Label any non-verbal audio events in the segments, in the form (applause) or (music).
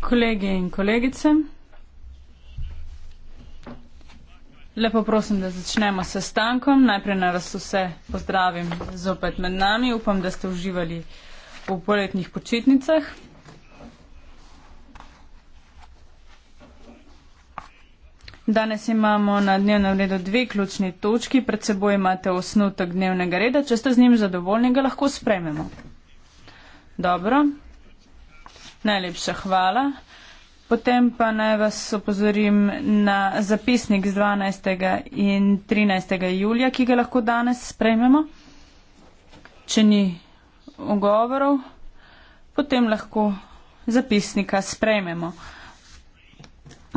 Kolegi in kolegice, lepo prosim, da začnemo s sestankom. Najprej naj vas vse pozdravim zopet med nami. Upam, da ste uživali v poletnih počitnicah. Danes imamo na dnevnem redu dve ključni točki, pred seboj imate osnutek dnevnega reda, če ste z njim zadovoljni, ga lahko sprejmemo. Dobro. Najlepša hvala. Potem pa naj vas opozorim na zapisnik z 12. in 13. julija, ki ga lahko danes sprejmemo. Če ni ogovorov, potem lahko zapisnika sprejmemo.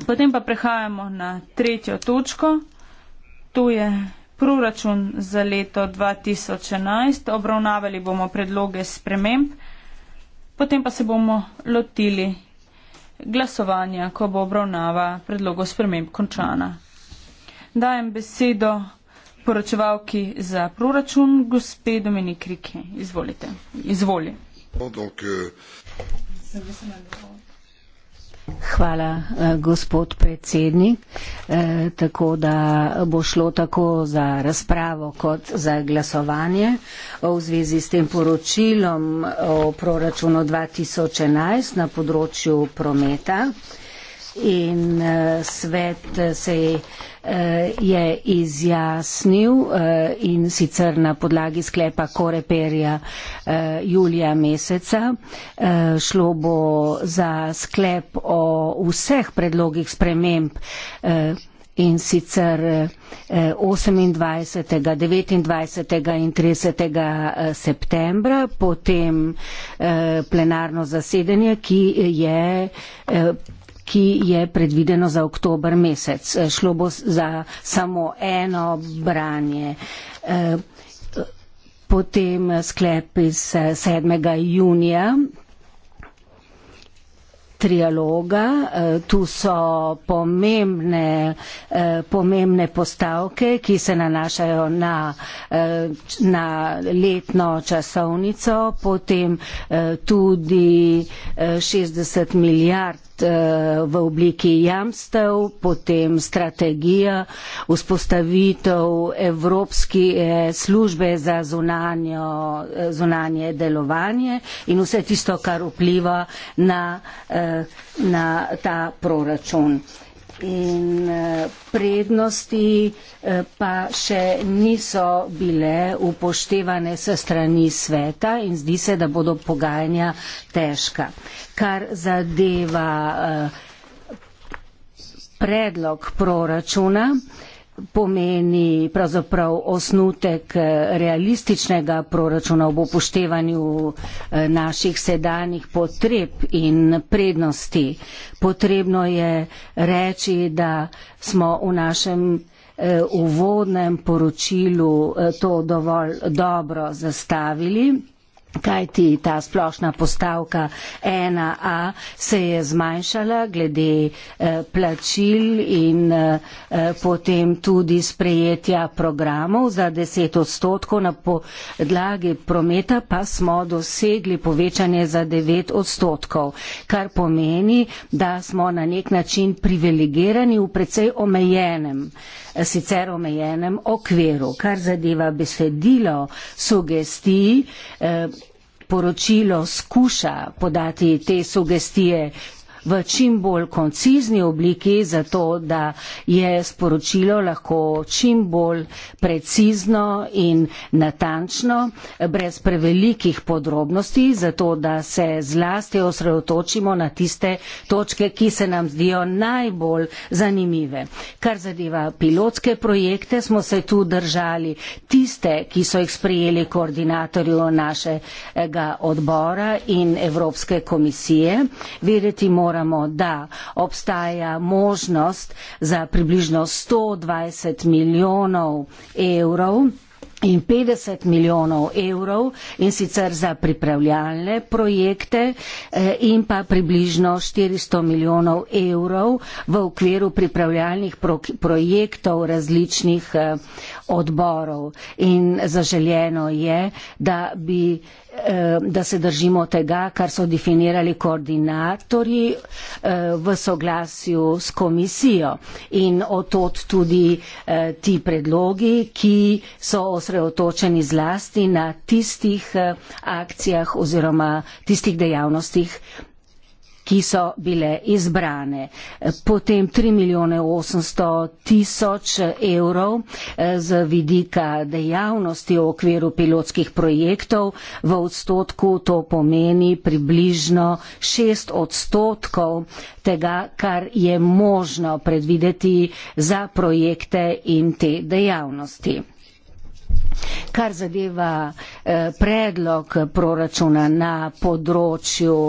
Potem pa prehajamo na tretjo točko. Tu je proračun za leto 2011. Obravnavali bomo predloge sprememb. Potem pa se bomo lotili glasovanja, ko bo obravnava predlogov sprememb končana. Dajem besedo poročevalki za proračun, gospe Dominik Rike. Izvolite. Izvoli. No, tako, uh... Hvala, eh, gospod predsednik. Eh, tako da bo šlo tako za razpravo kot za glasovanje v zvezi s tem poročilom o proračunu 2011 na področju prometa in uh, svet eh, se je, uh, je izjasnil uh, in sicer na podlagi sklepa Koreperja uh, julija meseca. Uh, šlo bo za sklep o vseh predlogih sprememb. Uh, in sicer 28., 29. in 30. septembra, potem plenarno zasedanje, ki je ki je predvideno za oktober mesec. E, šlo bo za samo eno branje. E, potem sklep iz 7. E, junija trialoga. Tu so pomembne, pomembne postavke, ki se nanašajo na, na letno časovnico, potem tudi 60 milijard Eh, v obliki jamstev, potem strategija, vzpostavitev Evropske eh, službe za zunanjo, eh, zunanje delovanje in vse tisto, kar vpliva na, na ta proračun in eh, prednosti eh, pa še niso bile upoštevane s strani sveta in zdi se, da bodo pogajanja težka. Kar zadeva eh, predlog proračuna, pomeni pravzaprav osnutek eh, realističnega proračuna ob upoštevanju eh, naših sedanjih potreb in prednosti. Potrebno je reči, da smo v našem eh, uvodnem poročilu to dovolj dobro zastavili. Kaj ti ta splošna postavka 1A se je zmanjšala glede eh, plačil in eh, eh potem tudi sprejetja programov za 10 odstotkov na podlagi prometa, pa smo dosegli povečanje za 9 odstotkov, kar pomeni, da smo na nek način privilegirani v precej omejenem eh, sicer omejenem okviru. Kar zadeva besedilo sugestij, eh, poročilo skuša podati te sugestije, v čim bolj koncizni obliki, zato da je sporočilo lahko čim bolj precizno in natančno, brez prevelikih podrobnosti, zato da se zlasti osredotočimo na tiste točke, ki se nam zdijo najbolj zanimive. Kar zadeva pilotske projekte, smo se tu držali tiste, ki so jih sprejeli koordinatorju našega odbora in Evropske komisije. Vedeti moramo, moramo, da obstaja možnost za približno 120 milijonov evrov in 50 milijonov evrov in sicer za pripravljalne projekte eh, in pa približno 400 milijonov evrov v okviru pripravljalnih projektov različnih eh, odborov in zaželjeno je, da, bi, eh, da se držimo tega, kar so definirali koordinatorji eh, v soglasju s komisijo in otot tudi eh, ti predlogi, ki so osredotočeni zlasti na tistih akcijah oziroma tistih dejavnostih, ki so bile izbrane. Potem 3 milijone 800 tisoč evrov eh, z vidika dejavnosti v okviru pilotskih projektov. V odstotku to pomeni približno 6 odstotkov tega, kar je možno predvideti za projekte in te dejavnosti. Kar zadeva eh, predlog proračuna na področju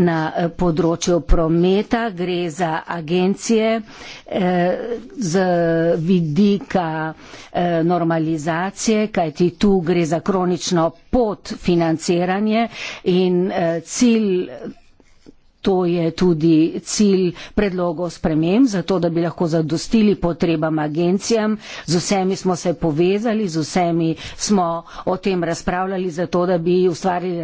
na eh, področju prometa, gre za agencije eh, z vidika eh, normalizacije, kajti tu gre za kronično podfinanciranje in cilj To je tudi cilj predlogov spremem, zato da bi lahko zadostili potrebam agencijam. Z vsemi smo se povezali, z vsemi smo o tem razpravljali, zato da bi ustvarili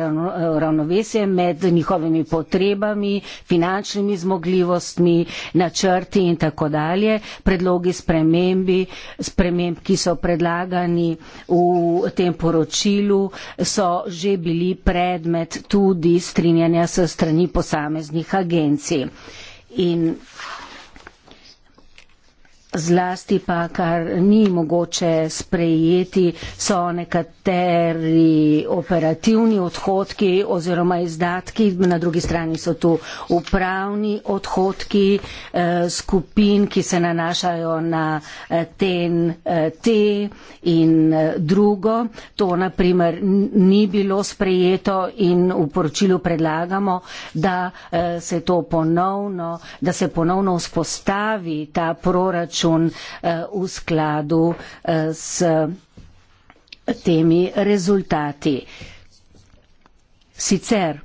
ravnovesje med njihovimi potrebami, finančnimi zmogljivostmi, načrti in tako dalje. Predlogi spremembi, sprememb, ki so predlagani v tem poročilu, so že bili predmet tudi strinjanja s strani posameznih raznih agencij. In Zlasti pa, kar ni mogoče sprejeti, so nekateri operativni odhodki oziroma izdatki, na drugi strani so tu upravni odhodki eh, skupin, ki se nanašajo na TNT eh, in eh, drugo. To naprimer ni bilo sprejeto in v poročilu predlagamo, da, eh, se, ponovno, da se ponovno vzpostavi ta proračun proračun eh, v skladu eh, s temi rezultati. Sicer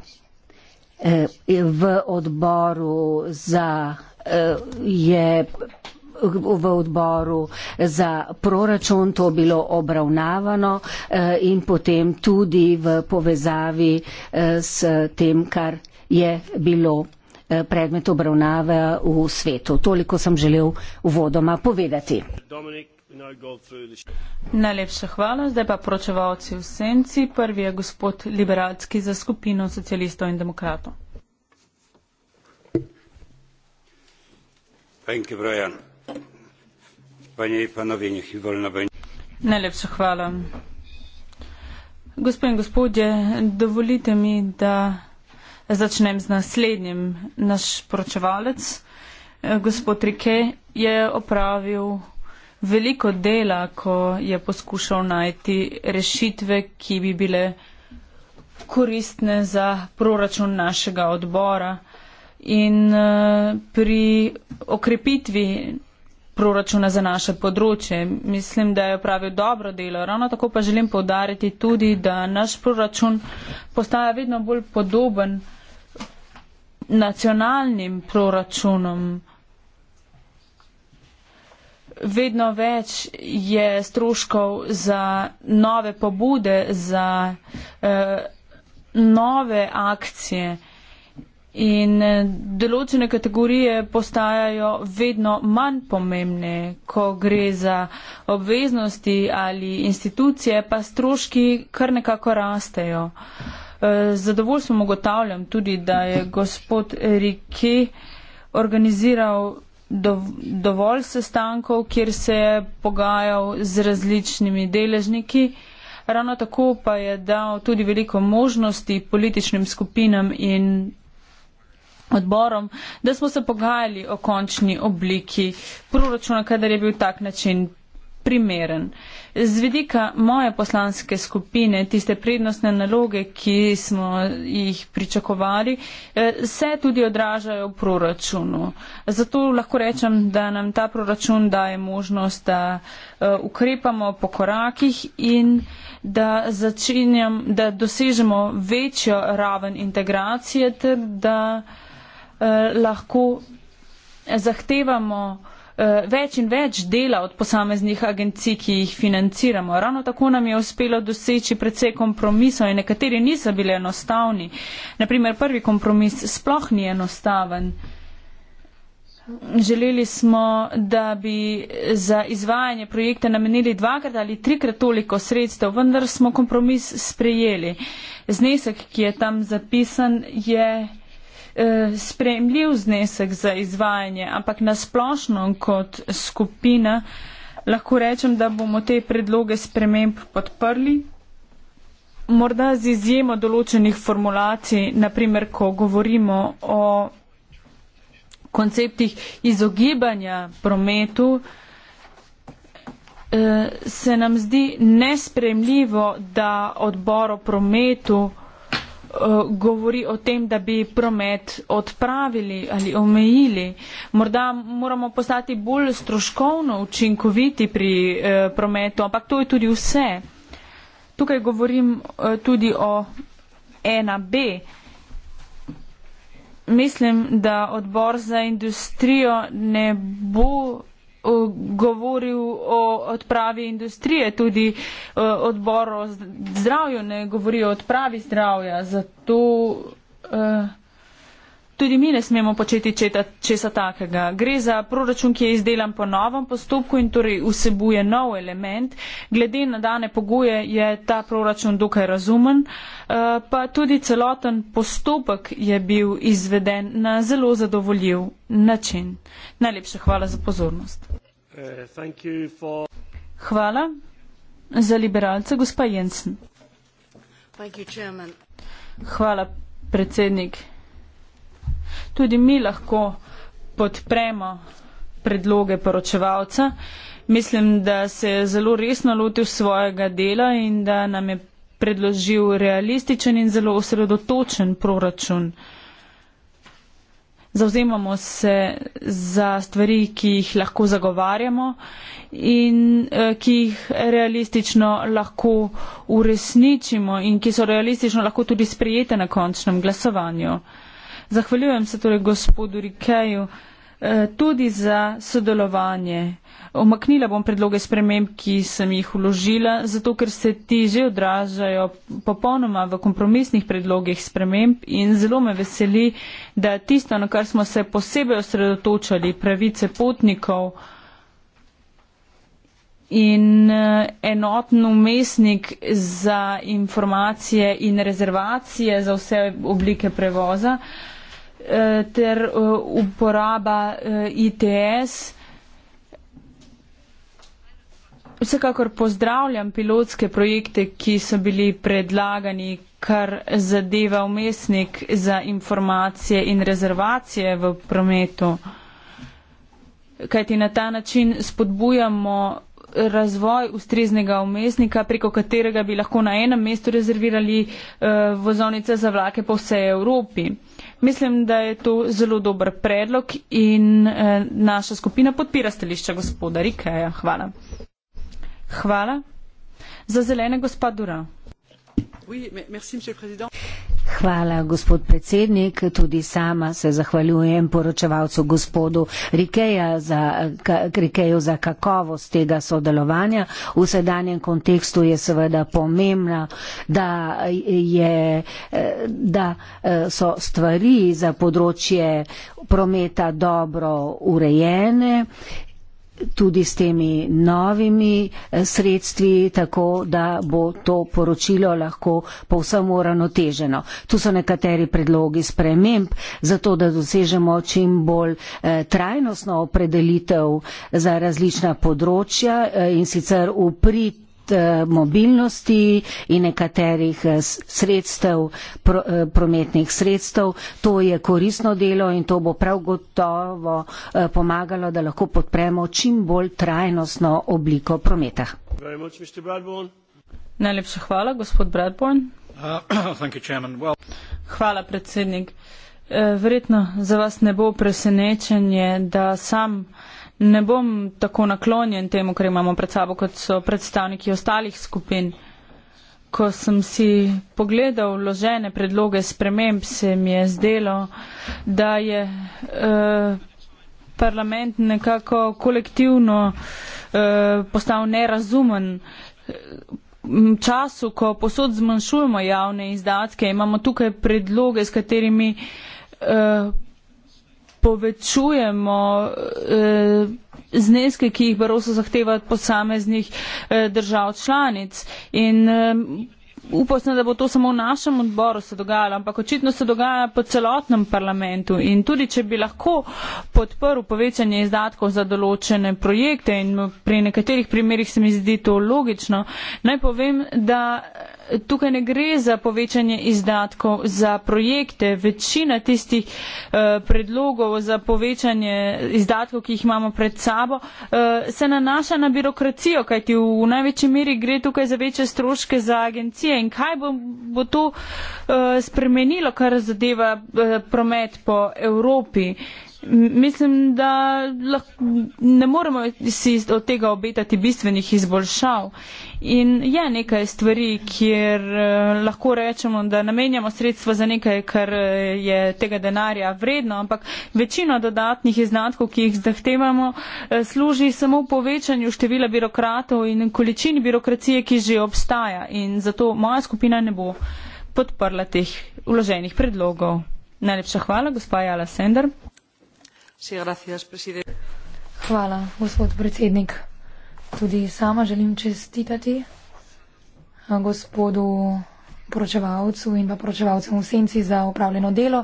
eh, v odboru za je v odboru za proračun to bilo obravnavano in potem tudi v povezavi s tem, kar je bilo Eh, predmet obravnave v svetu. Toliko sem želel uvodoma povedati. Dominik. Najlepša hvala. Zdaj pa poročevalci v senci. Prvi je gospod Liberalski za skupino socialistov in demokratov. Najlepša hvala. Gospod in gospodje, dovolite mi, da začnem z naslednjim. Naš poročevalec, eh, gospod Rike, je opravil veliko dela, ko je poskušal najti rešitve, ki bi bile koristne za proračun našega odbora. In eh, pri okrepitvi proračuna za naše področje. Mislim, da je opravil dobro delo. Ravno tako pa želim povdariti tudi, da naš proračun postaja vedno bolj podoben nacionalnim proračunom. Vedno več je stroškov za nove pobude, za eh, nove akcije in eh, določene kategorije postajajo vedno manj pomembne, ko gre za obveznosti ali institucije, pa stroški kar nekako rastejo. Eh, Z eh, zadovoljstvom ugotavljam tudi, da je gospod Riki organiziral dovolj sestankov, kjer se je pogajal z različnimi deležniki. Ravno tako pa je dal tudi veliko možnosti političnim skupinam in odborom, da smo se pogajali o končni obliki proračuna, kadar je bil tak način primeren. Uh, Z vidika moje poslanske skupine, tiste prednostne naloge, ki smo jih pričakovali, eh, se tudi odražajo v proračunu. Zato lahko rečem, da nam ta proračun daje možnost, da eh, ukrepamo po korakih in da, začenjam, da dosežemo večjo raven integracije ter da eh, lahko zahtevamo, Eh, več in več dela od posameznih agencij, ki jih financiramo. Ravno tako nam je uspelo doseči predvsej kompromisov in nekateri niso bili enostavni. Naprimer, prvi kompromis sploh ni enostaven. Želeli smo, da bi za izvajanje projekta namenili dvakrat ali trikrat toliko sredstev, vendar smo kompromis sprejeli. Znesek, ki je tam zapisan, je. Eh, sprejemljiv znesek za izvajanje, ampak nasplošno kot skupina lahko rečem, da bomo te predloge sprememb podprli. Morda z izjemo določenih formulacij, naprimer, ko govorimo o konceptih izogibanja prometu, eh, se nam zdi nespremljivo, da odbor o prometu Eh, govori o tem, da bi promet odpravili ali omejili. Morda moramo postati bolj stroškovno učinkoviti pri eh, prometu, ampak to je tudi vse. Tukaj govorim eh, tudi o 1B. Mislim, da odbor za industrijo ne bo govoril o odpravi industrije, tudi odbor o zdravju ne govori o odpravi zdravja. Zato, uh, Tudi mi ne smemo početi četa, česa takega. Gre za proračun, ki je izdelan po novem postopku in torej vsebuje nov element. Glede na dane pogoje je ta proračun dokaj razumen, eh, pa tudi celoten postopek je bil izveden na zelo zadovoljiv način. Najlepša hvala za pozornost. Eh, hvala za liberalce, gospa Jensen. Hvala, predsednik tudi mi lahko podpremo predloge poročevalca. Mislim, da se je zelo resno lotil svojega dela in da nam je predložil realističen in zelo osredotočen proračun. Zauzemamo se za stvari, ki jih lahko zagovarjamo in eh, ki jih realistično lahko uresničimo in ki so realistično lahko tudi sprejete na končnem glasovanju. Zahvaljujem se torej gospodu Rikeju eh, tudi za sodelovanje. Omaknila bom predloge sprememb, ki sem jih uložila, zato ker se ti že odražajo popolnoma v kompromisnih predlogih sprememb in zelo me veseli, da tisto, na kar smo se posebej osredotočali, pravice potnikov in eh, enoten umestnik za informacije in rezervacije za vse oblike prevoza, Eh, ter eh, uporaba eh, ITS. Vsekakor pozdravljam pilotske projekte, ki so bili predlagani, kar zadeva umestnik za informacije in rezervacije v prometu. Kajti na ta način spodbujamo razvoj ustreznega umestnika, preko katerega bi lahko na enem mestu rezervirali uh, vozovnice za vlake po vsej Evropi. Mislim, da je to zelo dober predlog in eh, naša skupina podpira stališča gospoda Rikeja. Hvala. Hvala. Za zelene gospa Dura. Oui, merci, Hvala, gospod predsednik. Tudi sama se zahvaljujem poročevalcu gospodu Rikeju za, za kakovost tega sodelovanja. V sedanjem kontekstu je seveda pomembno, da, je, da so stvari za področje prometa dobro urejene tudi s temi novimi eh, sredstvi, tako da bo to poročilo lahko povsem uravnoteženo. Tu so nekateri predlogi sprememb, zato da dosežemo čim bolj eh, trajnostno opredelitev za različna področja eh, in sicer uprit Eh, mobilnosti in nekaterih eh, sredstev, eh, prometnih sredstev. To je korisno delo in to bo prav gotovo pomagalo, da lahko podpremo čim bolj trajnostno obliko prometa. Najlepša hvala, gospod Bradborn. Uh, (clears throat) hvala, predsednik. Verjetno za vas ne bo presenečenje, da sam ne bom tako naklonjen temu, kar imamo pred sabo, kot so predstavniki ostalih skupin. Ko sem si pogledal vložene predloge sprememb, se mi je zdelo, da je eh, parlament nekako kolektivno eh, postal nerazumen. Času, ko posod zmanjšujemo javne izdatke, imamo tukaj predloge, s katerimi eh, povečujemo eh, zneske, ki jih Baroso zahteva od posameznih eh, držav članic. In eh, upal sem, da bo to samo v našem odboru se dogajalo, ampak očitno se dogaja po celotnem parlamentu. In tudi, če bi lahko podprl povečanje izdatkov za določene projekte in pri nekaterih primerjih se mi zdi to logično, naj povem, da tukaj ne gre za povečanje izdatkov za projekte. Večina tistih uh, predlogov za povečanje izdatkov, ki jih imamo pred sabo, uh, se nanaša na birokracijo, kajti v, v največji meri gre tukaj za večje stroške za agencije. In kaj bo, bo to uh, spremenilo, kar zadeva uh, promet po Evropi? Mislim, da lahko, ne moremo si od tega obetati bistvenih izboljšav. In je nekaj stvari, kjer eh, lahko rečemo, da namenjamo sredstvo za nekaj, kar eh, je tega denarja vredno, ampak večina dodatnih izdatkov, ki jih zahtevamo, eh, služi samo povečanju števila birokratov in količini birokracije, ki že obstaja. In zato moja skupina ne bo podprla teh uloženih predlogov. Najlepša hvala, gospa Jala Sender. Hvala, gospod predsednik. Tudi sama želim čestitati eh, gospodu poročevalcu in pa poročevalcem v senci za upravljeno delo.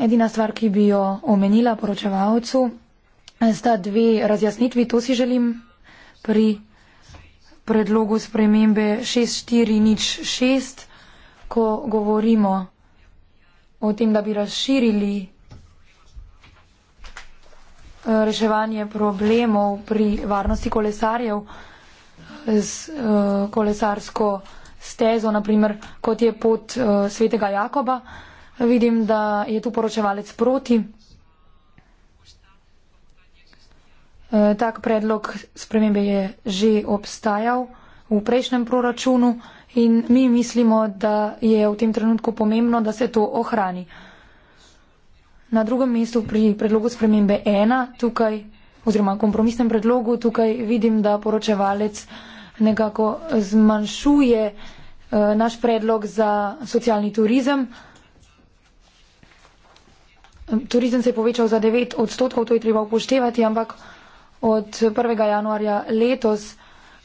Edina stvar, ki bi jo omenila poročevalcu, eh, sta dve razjasnitvi. To si želim pri predlogu spremembe 6406, ko govorimo o tem, da bi razširili reševanje problemov pri varnosti kolesarjev z uh, kolesarsko stezo, naprimer kot je pot uh, svetega Jakoba. Vidim, da je tu poročevalec proti. Uh, tak predlog spremembe je že obstajal v prejšnjem proračunu in mi mislimo, da je v tem trenutku pomembno, da se to ohrani. Uh, Na drugem mestu pri predlogu spremembe ena, tukaj, oziroma kompromisnem predlogu, tukaj vidim, da poročevalec nekako zmanjšuje eh, naš predlog za socialni turizem. Turizem se je povečal za 9 odstotkov, to je treba upoštevati, ampak od 1. januarja letos,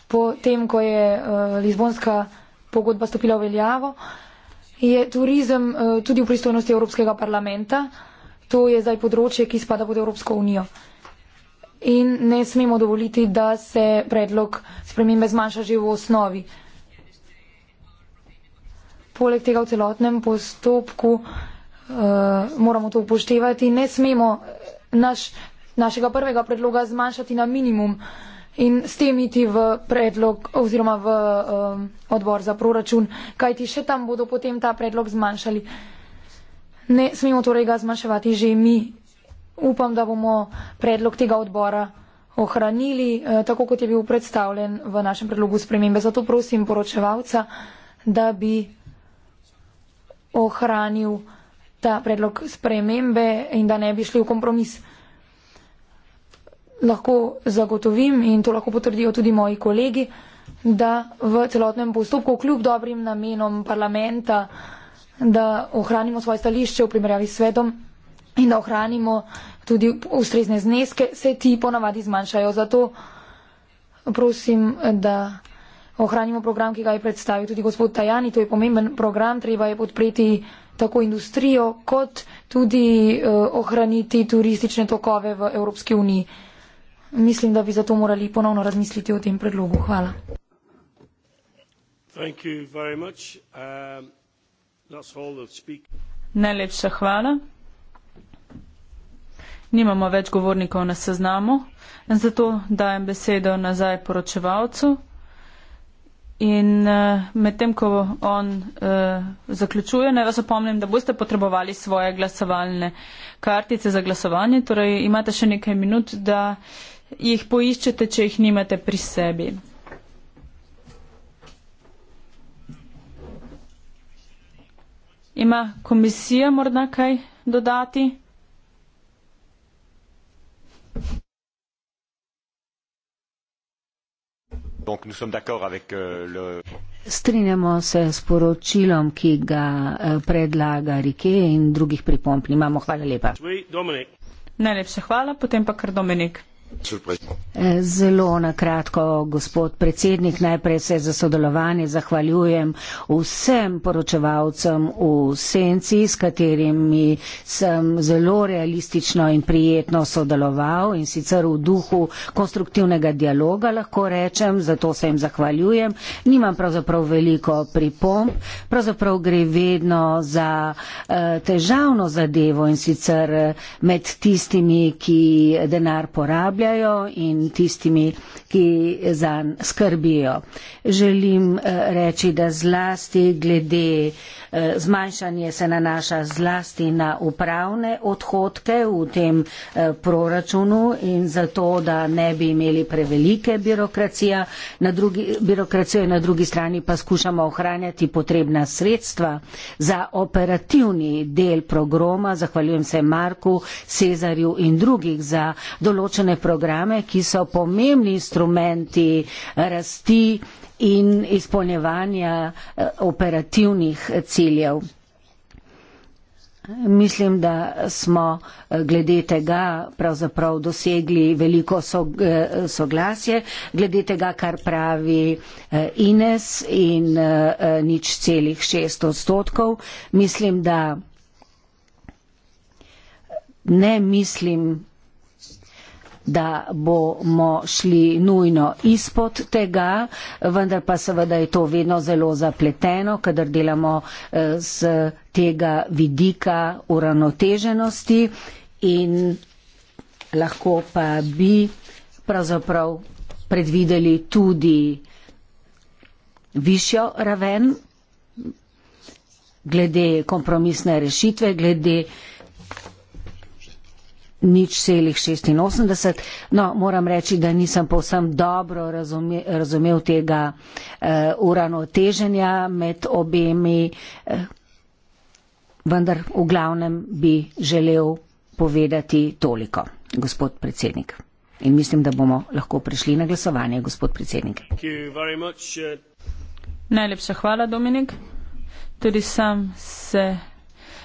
potem, ko je eh, Lizbonska pogodba stopila v veljavo, je turizem eh, tudi v pristojnosti Evropskega parlamenta to je zdaj področje, ki spada pod Evropsko unijo. In ne smemo dovoliti, da se predlog spremembe zmanjša že v osnovi. Poleg tega v celotnem postopku uh, moramo to upoštevati. Ne smemo eh, naš, našega prvega predloga zmanjšati na minimum in s tem iti v predlog oziroma v uh, odbor za proračun, kajti še tam bodo potem ta predlog zmanjšali ne smemo torej ga zmanjševati že mi. Upam, da bomo predlog tega odbora ohranili, eh, tako kot je bil predstavljen v našem predlogu spremembe. Zato prosim poročevalca, da bi ohranil ta predlog spremembe in da ne bi šli v kompromis. Lahko zagotovim in to lahko potrdijo tudi moji kolegi, da v celotnem postopku kljub dobrim namenom parlamenta eh, da ohranimo svoje stališče v primerjavi s svetom in da ohranimo tudi ustrezne zneske, se ti ponavadi zmanjšajo. Zato prosim, da ohranimo program, ki ga je predstavil tudi gospod Tajani. To je pomemben program, treba je podpreti tako industrijo, kot tudi uh, ohraniti turistične tokove v Evropski uniji. Mislim, da bi zato morali ponovno razmisliti o tem predlogu. Hvala. Thank you very much. Um... Najlepša hvala. Nimamo več govornikov na seznamu, zato dajem besedo nazaj poročevalcu. In eh, medtem, ko on eh, zaključuje, naj vas opomnim, da boste potrebovali svoje glasovalne kartice za glasovanje, torej imate še nekaj minut, da jih poiščete, če jih nimate pri sebi. Ima komisija morda kaj dodati? Euh, Strinjamo se s poročilom, ki ga eh, predlaga Rike in drugih pripomp. Imamo hvala lepa. Najlepša hvala, potem pa kar Dominik. Zelo na kratko, gospod predsednik, najprej se za sodelovanje zahvaljujem vsem poročevalcem v Senci, s katerimi sem zelo realistično in prijetno sodeloval in sicer v duhu konstruktivnega dialoga, lahko rečem, zato se jim zahvaljujem. Nimam pravzaprav veliko pripomp, pravzaprav gre vedno za eh, težavno zadevo in sicer eh, med tistimi, ki denar porabijo zaljubljajo in tistimi, ki zanj skrbijo. Želim eh, reči, da zlasti glede uh, Zmanjšanje se nanaša zlasti na upravne odhodke v tem eh, proračunu in zato, da ne bi imeli prevelike birokracije, na drugi, birokracijo, na drugi strani pa skušamo ohranjati potrebna sredstva za operativni del programa. Zahvaljujem se Marku, Cezarju in drugih za določene programe, ki so pomembni instrumenti rasti in izpolnevanja eh, operativnih ciljev. Mislim, da smo eh, glede tega pravzaprav dosegli veliko eh, soglasje, glede tega, kar pravi Ines in nič celih šest odstotkov. Mislim, da ne mislim, da bomo šli nujno izpod tega, vendar pa seveda je to vedno zelo zapleteno, kadar delamo z eh, tega vidika uravnoteženosti in lahko pa bi pravzaprav predvideli tudi višjo raven glede kompromisne rešitve, glede nič celih 86. No, moram reči, da nisem povsem dobro razume, razumel tega uh, uravnoteženja med obemi, uh, vendar v glavnem bi želel povedati toliko, gospod predsednik. In mislim, da bomo lahko prišli na glasovanje, gospod predsednik. Uh, Najlepša hvala, Dominik. Tudi sam se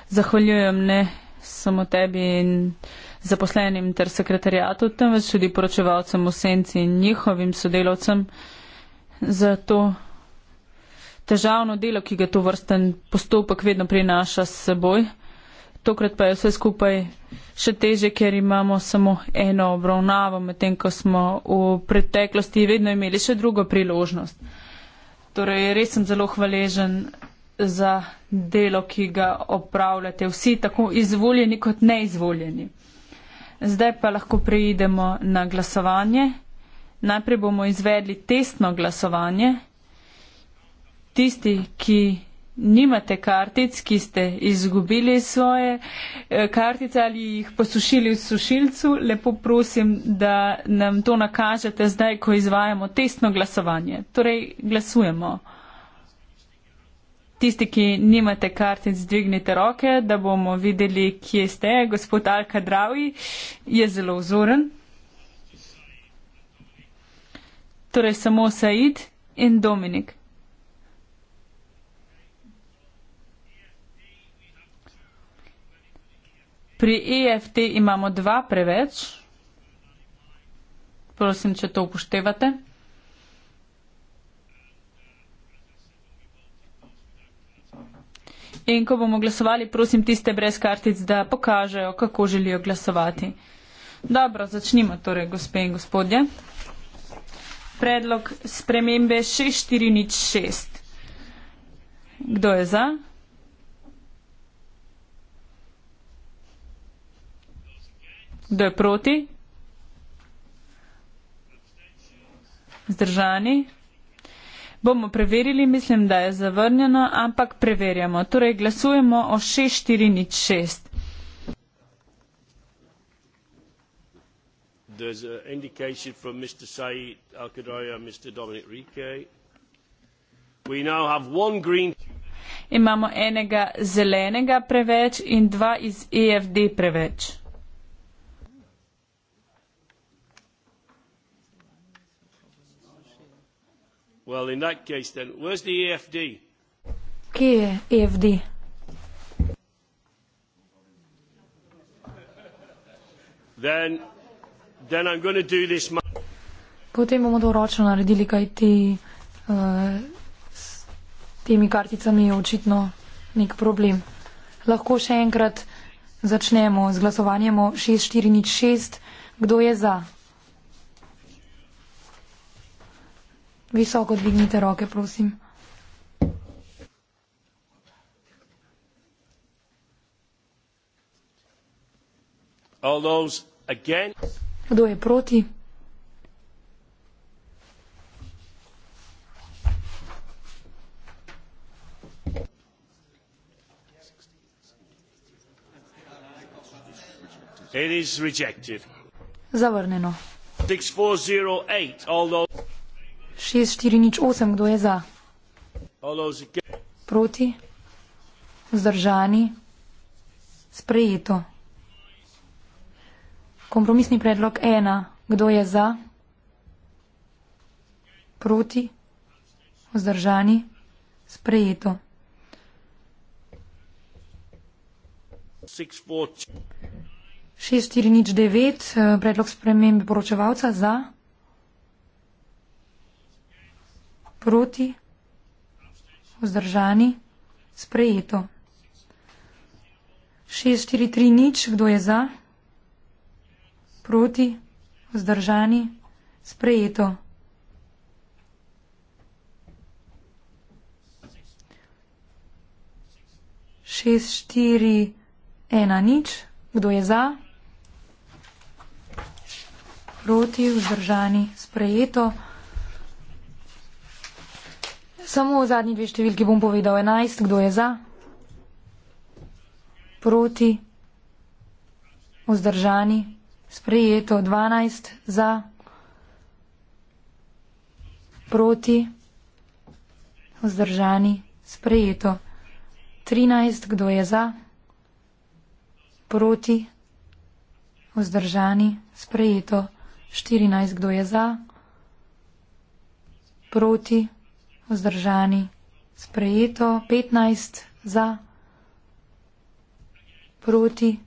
zahvaljujem ne samo tebi in zaposlenim ter sekretarijatu, temveč tudi poročevalcem v senci in njihovim sodelovcem za to težavno delo, ki ga to vrsten postopek vedno prinaša s seboj. Tokrat pa je vse skupaj še teže, ker imamo samo eno obravnavo, medtem ko smo v preteklosti vedno imeli še drugo priložnost. Torej, res sem zelo hvaležen za delo, ki ga opravljate vsi, tako izvoljeni kot neizvoljeni. Zdaj pa lahko preidemo na glasovanje. Najprej bomo izvedli testno glasovanje. Tisti, ki nimate kartic, ki ste izgubili svoje eh, kartice ali jih posušili v sušilcu, lepo prosim, da nam to nakažete zdaj, ko izvajamo testno glasovanje. Torej, glasujemo. Tisti, ki nimate kartic, dvignite roke, da bomo videli, kje ste. Gospod Alka Dravi je zelo vzoren. Torej samo Said in Dominik. Pri EFT imamo dva preveč. Prosim, če to upoštevate. In ko bomo glasovali, prosim tiste brez kartic, da pokažejo, kako želijo glasovati. Dobro, začnimo torej, gospe in gospodje. Predlog spremembe 6406. Kdo je za? Kdo je proti? Zdržani? Bomo preverili, mislim, da je zavrnjeno, ampak preverjamo. Torej, glasujemo o 6406. There's an indication from Mr. Said Al Qadari and Mr. Dominic Rike. We now have one green. Imamo enega zelenega preveč in dva iz EFD preveč. Well, in that case, then, where's the AFD? Kje je AFD? Then, then I'm going to do this. Potem bomo to ročno naredili, kaj ti uh, eh, s temi karticami je očitno nek problem. Lahko še enkrat začnemo z glasovanjem o 6406. Kdo je za? Visoko dvignite roke, prosim. Kdo je proti? It is rejected. Zavrneno. 6408, although šest štiri nič osem, kdo je za? Proti? Vzdržani? Sprejeto. Kompromisni predlog ena, kdo je za? Proti? Vzdržani? Sprejeto. Šest štiri nič devet, eh, predlog spremembe poročevalca za? proti, vzdržani, sprejeto. 643 nič, kdo je za, proti, vzdržani, sprejeto. 641 nič, kdo je za, proti, vzdržani, sprejeto. Samo v zadnji dve številki bom povedal 11, kdo je za, proti, vzdržani, sprejeto 12, za, proti, vzdržani, sprejeto 13, kdo je za, proti, vzdržani, sprejeto 14, kdo je za, proti, vzdržani, sprejeto 14, kdo je za, proti, vzdržani, sprejeto 15 za, proti,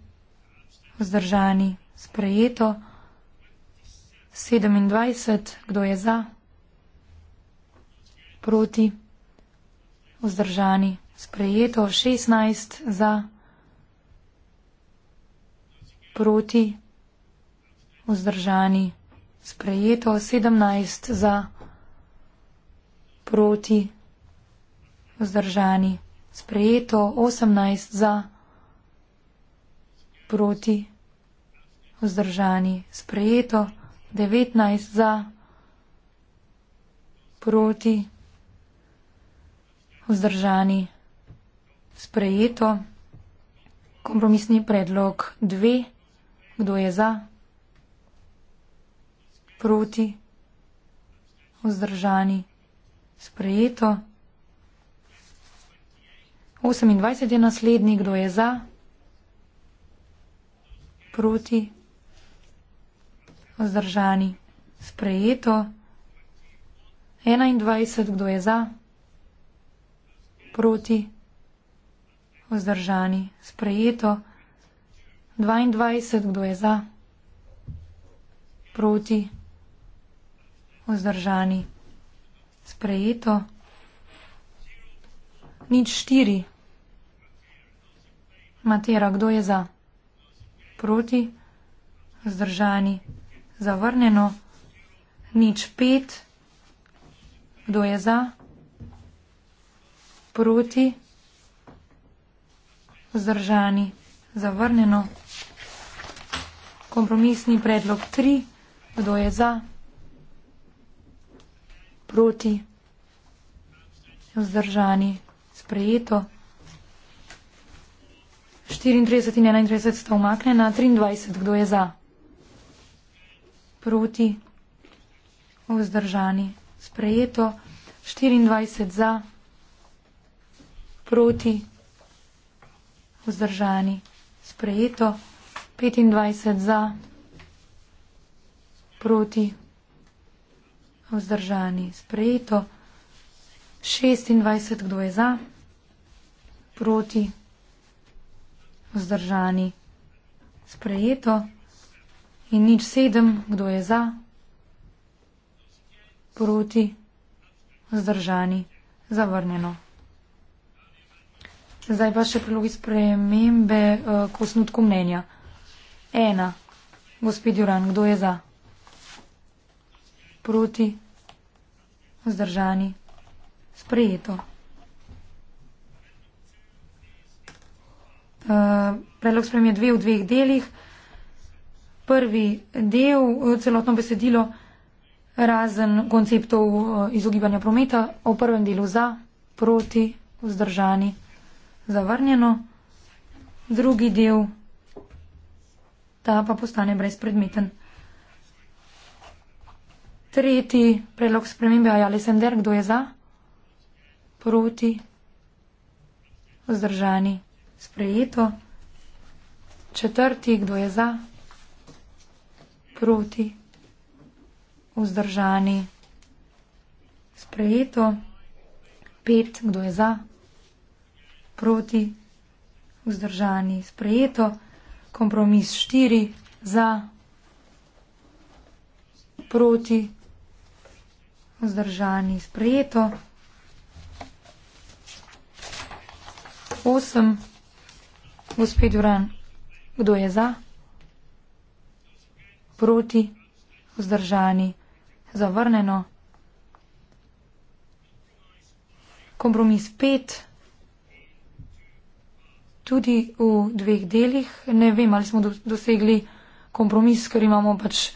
vzdržani, sprejeto 27, kdo je za, proti, vzdržani, sprejeto 16 za, proti, vzdržani, sprejeto 17 za, proti, proti, vzdržani, sprejeto, 18 za, proti, vzdržani, sprejeto, 19 za, proti, vzdržani, sprejeto, kompromisni predlog 2, kdo je za, proti, vzdržani, sprejeto. Sprejeto. 28 je naslednji, kdo je za? Proti. Vzdržani. Sprejeto. 21, kdo je za? Proti. Vzdržani. Sprejeto. 22, kdo je za? Proti. Vzdržani sprejeto. Nič štiri. Matera, kdo je za? Proti? Zdržani? Zavrnjeno? Nič pet. Kdo je za? Proti? Zdržani? Zavrnjeno? Kompromisni predlog tri. Kdo je za? proti, vzdržani, sprejeto. 34 in 31 sta umaknjena, 23, kdo je za? Proti, vzdržani, sprejeto. 24 za, proti, vzdržani, sprejeto. 25 za, proti, vzdržani vzdržani, sprejeto. 26, kdo je za, proti, vzdržani, sprejeto. In nič sedem, kdo je za, proti, vzdržani, zavrnjeno. Zdaj pa še prilogi spremembe uh, eh, kosnutku mnenja. Ena, gospod Juran, kdo je za? proti, vzdržani, sprejeto. Eh, predlog sprem je dve v dveh delih. Prvi del, eh, celotno besedilo, razen konceptov eh, izogibanja prometa, o prvem delu za, proti, vzdržani, zavrnjeno. Drugi del, ta pa postane brezpredmeten. Tretji predlog spremembe, ali sem der, kdo je za, proti, vzdržani, sprejeto. Četrti, kdo je za, proti, vzdržani, sprejeto. Pet, kdo je za, proti, vzdržani, sprejeto. Kompromis štiri, za, proti, vzdržani vzdržani, sprejeto. Osem. Gospod Juran, kdo je za? Proti, vzdržani, zavrneno. Kompromis pet. Tudi v dveh delih. Ne vem, ali smo dosegli kompromis, ker imamo pač.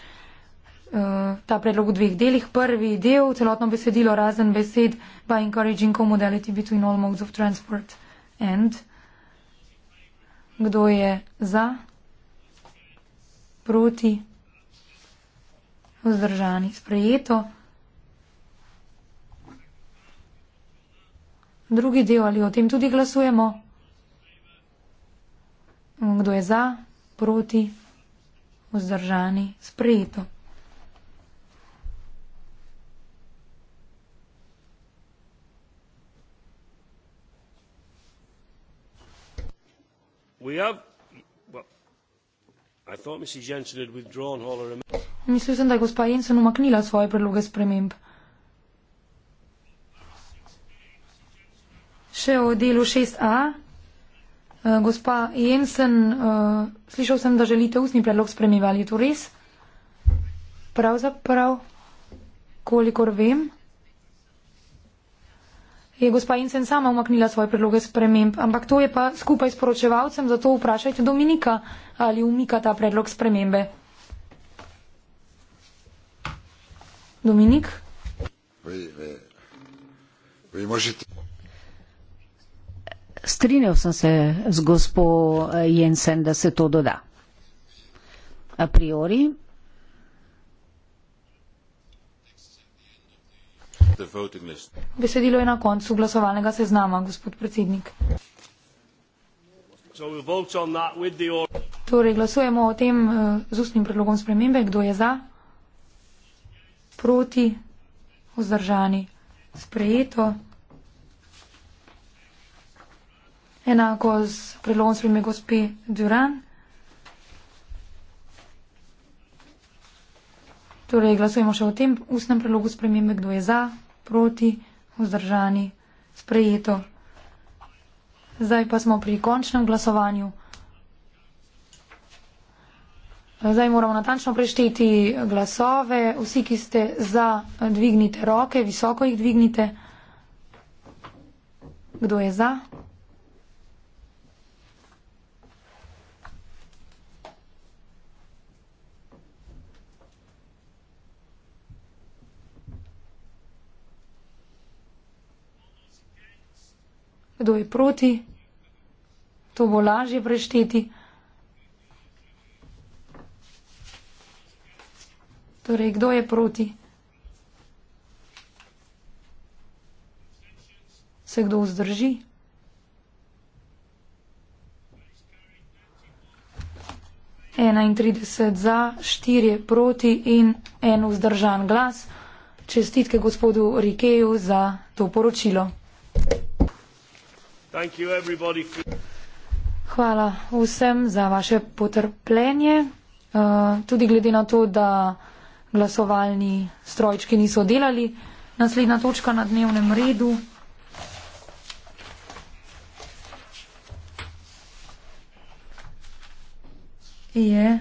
Eh, ta predlog v dveh delih. Prvi del, celotno besedilo razen besed by encouraging commodality between all modes of transport and. Kdo je za, proti, vzdržani, sprejeto. Drugi del ali o tem tudi glasujemo. Kdo je za, proti, vzdržani, sprejeto. We have... Well, I thought Mrs. Jensen had withdrawn all her... Mislil sem, da je gospa Jensen umaknila svoje predloge sprememb. Še o delu 6a. Eh, gospa Jensen, eh, slišal sem, da želite ustni predlog spremivali. Je to res? Pravzaprav, kolikor vem je gospa Incen sama umaknila svoje predloge sprememb, ampak to je pa skupaj s poročevalcem, zato vprašajte Dominika, ali umika ta predlog spremembe. Dominik? Strinjal sem se z gospo Jensen, da se to doda. A priori Besedilo je na koncu glasovalnega seznama, gospod predsednik. Torej glasujemo o tem eh, z ustnim predlogom spremembe. Kdo je za? Proti? Vzdržani? Sprejeto? Enako z predlogom spremembe gospe Duran. Torej glasujemo še o tem ustnem predlogu spremembe. Kdo je za? proti, vzdržani, sprejeto. Zdaj pa smo pri končnem glasovanju. Zdaj moramo natančno prešteti glasove. Vsi, ki ste za, dvignite roke, visoko jih dvignite. Kdo je za? kdo je proti, to bo lažje prešteti. Torej, kdo je proti? Se kdo vzdrži? Enaintrideset za, štiri je proti in en vzdržan glas. Čestitke gospodu Rikeju za to poročilo. Hvala vsem za vaše potrpljenje. Uh, tudi glede na to, da glasovalni strojčki niso delali. Naslednja točka na dnevnem redu. Je.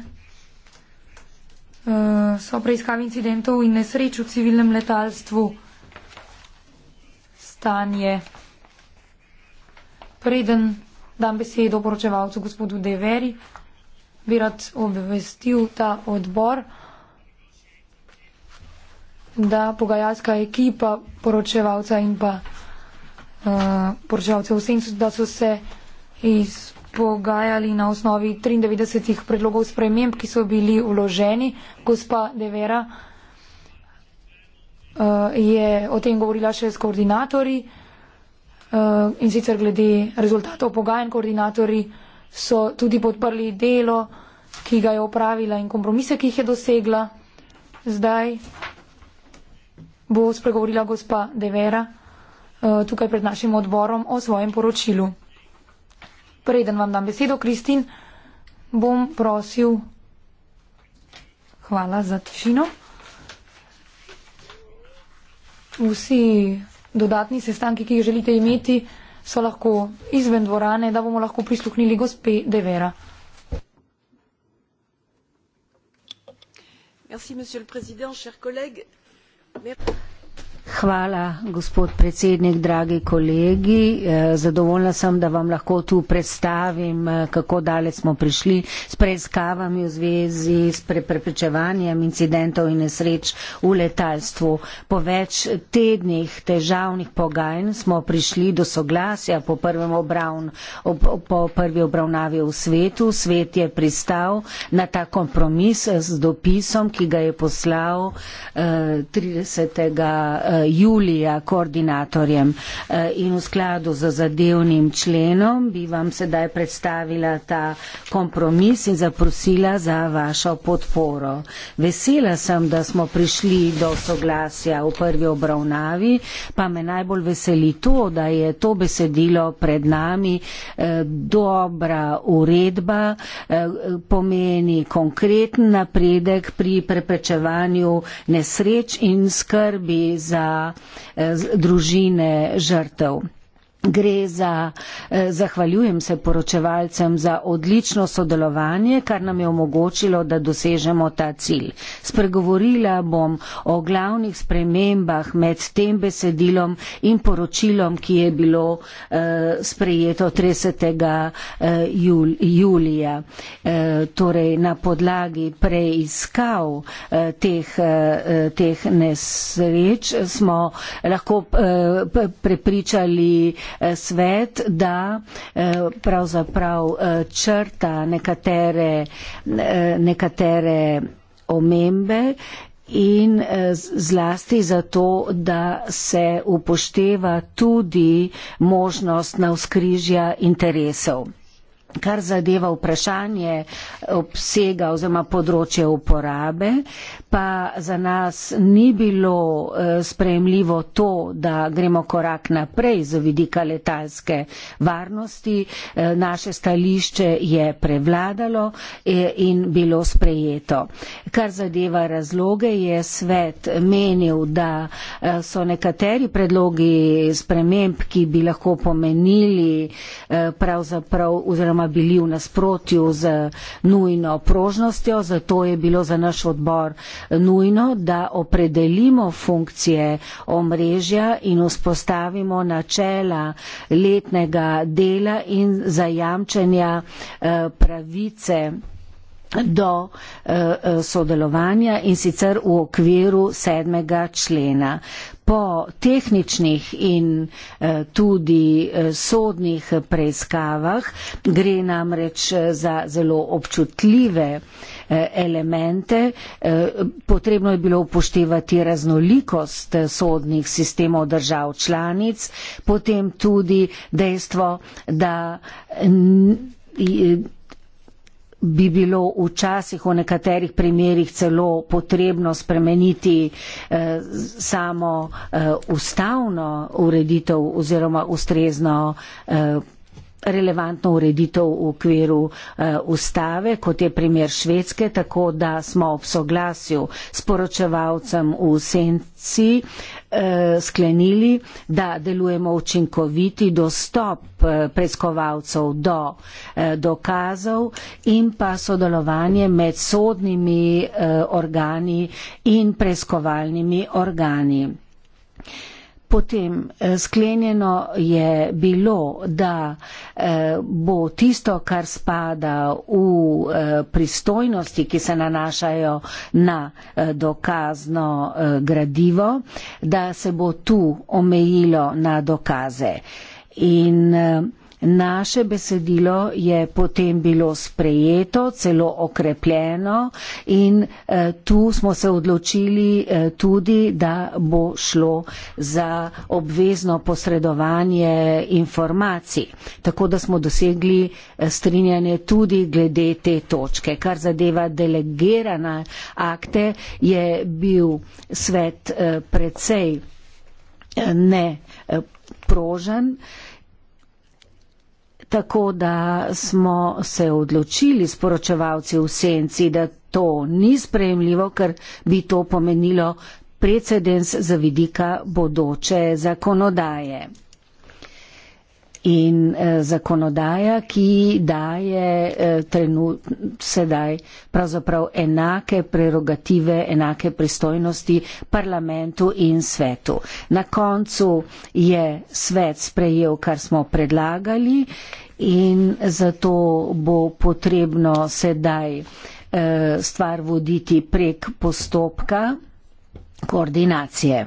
Uh, so preiskavi incidentov in nesreč v civilnem letalstvu stanje. Preden dam besedo poročevalcu gospodu Deveri, bi rad obvestil ta odbor, da pogajalska ekipa poročevalca in pa uh, eh, poročevalce v Sencu, da so se izpogajali na osnovi 93 predlogov sprememb, ki so bili vloženi. Gospa Devera uh, eh, je o tem govorila še s koordinatorji. Eh, in sicer glede rezultatov pogajanj koordinatorji so tudi podprli delo, ki ga je opravila in kompromise, ki jih je dosegla. Zdaj bo spregovorila gospa Devera eh, tukaj pred našim odborom o svojem poročilu. Preden vam dam besedo, Kristin, bom prosil. Hvala za tišino. Vsi dodatni sestanki, ki jih želite imeti, so lahko izven dvorane, da bomo lahko prisluhnili gospe Devera. Merci, monsieur le président, chers collègues. Merci. Hvala, gospod predsednik, dragi kolegi. Eh, zadovoljna sem, da vam lahko tu predstavim, eh, kako daleč smo prišli s preiskavami v zvezi s preprečevanjem incidentov in nesreč v letalstvu. Po več tednih težavnih pogajanj smo prišli do soglasja po, obravn, po prvi obravnavi v svetu. Svet je pristal na ta kompromis eh, z dopisom, ki ga je poslal 30. Eh, julija koordinatorjem eh, in v skladu z zadevnim členom bi vam sedaj predstavila ta kompromis in zaprosila za vašo podporo. Vesela sem, da smo prišli do soglasja v prvi obravnavi, pa me najbolj veseli to, da je to besedilo pred nami eh, dobra uredba, pomeni konkreten napredek pri preprečevanju nesreč in skrbi za Eh, družine žrtev. Gre za, eh, zahvaljujem se poročevalcem za odlično sodelovanje, kar nam je omogočilo, da dosežemo ta cilj. Spregovorila bom o glavnih spremembah med tem besedilom in poročilom, ki je bilo eh, sprejeto 30. Eh, jul julija. Eh, torej, na podlagi preiskav eh, teh, eh, eh teh nesreč smo lahko eh, prepričali, Eh, svet, da eh, pravzaprav eh, črta nekatere, nekatere omembe in zlasti zato, da se upošteva tudi možnost na vzkrižja interesov kar zadeva vprašanje obsega oziroma področje uporabe, pa za nas ni bilo eh, sprejemljivo to, da gremo korak naprej z vidika letalske varnosti. Eh, naše stališče je prevladalo eh, in bilo sprejeto. Kar zadeva razloge, je svet menil, da so nekateri predlogi sprememb, ki bi lahko pomenili pravzaprav oziroma oziroma bili v nasprotju z nujno prožnostjo, zato je bilo za naš odbor nujno, da opredelimo funkcije omrežja in vzpostavimo načela letnega dela in zajamčenja eh, pravice do eh, eh, sodelovanja in sicer v okviru sedmega člena po tehničnih in eh, tudi eh, sodnih preiskavah gre namreč eh, za zelo občutljive elemente. Potrebno je bilo upoštevati raznolikost sodnih sistemov držav članic, potem tudi dejstvo, da bi bilo včasih v nekaterih primerjih celo potrebno spremeniti eh, samo eh, ustavno ureditev oziroma ustrezno eh, relevantno ureditev v okviru uh, ustave, kot je primer Švedske, tako da smo ob soglasju s poročevalcem v senci uh, sklenili, da delujemo učinkoviti dostop uh, preiskovalcev do uh, dokazov in pa sodelovanje med sodnimi uh, organi in preiskovalnimi organi. Uh, potem eh, sklenjeno je bilo, da eh, bo tisto, kar spada v eh, pristojnosti, ki se nanašajo na dokazno gradivo, da se bo tu omejilo na dokaze. In uh, Naše besedilo je potem bilo sprejeto, celo okrepljeno in eh, tu smo se odločili eh, tudi, da bo šlo za obvezno posredovanje informacij. Tako da smo dosegli eh, strinjanje tudi glede te točke. Kar zadeva delegirane akte, je bil svet precej neprožen. Tako da smo se odločili sporočevalci v senci, da to ni sprejemljivo, ker bi to pomenilo precedens za vidika bodoče zakonodaje in eh, zakonodaja, ki daje eh, trenut, sedaj pravzaprav enake prerogative, enake pristojnosti parlamentu in svetu. Na koncu je svet sprejel, kar smo predlagali in zato bo potrebno sedaj eh, stvar voditi prek postopka koordinacije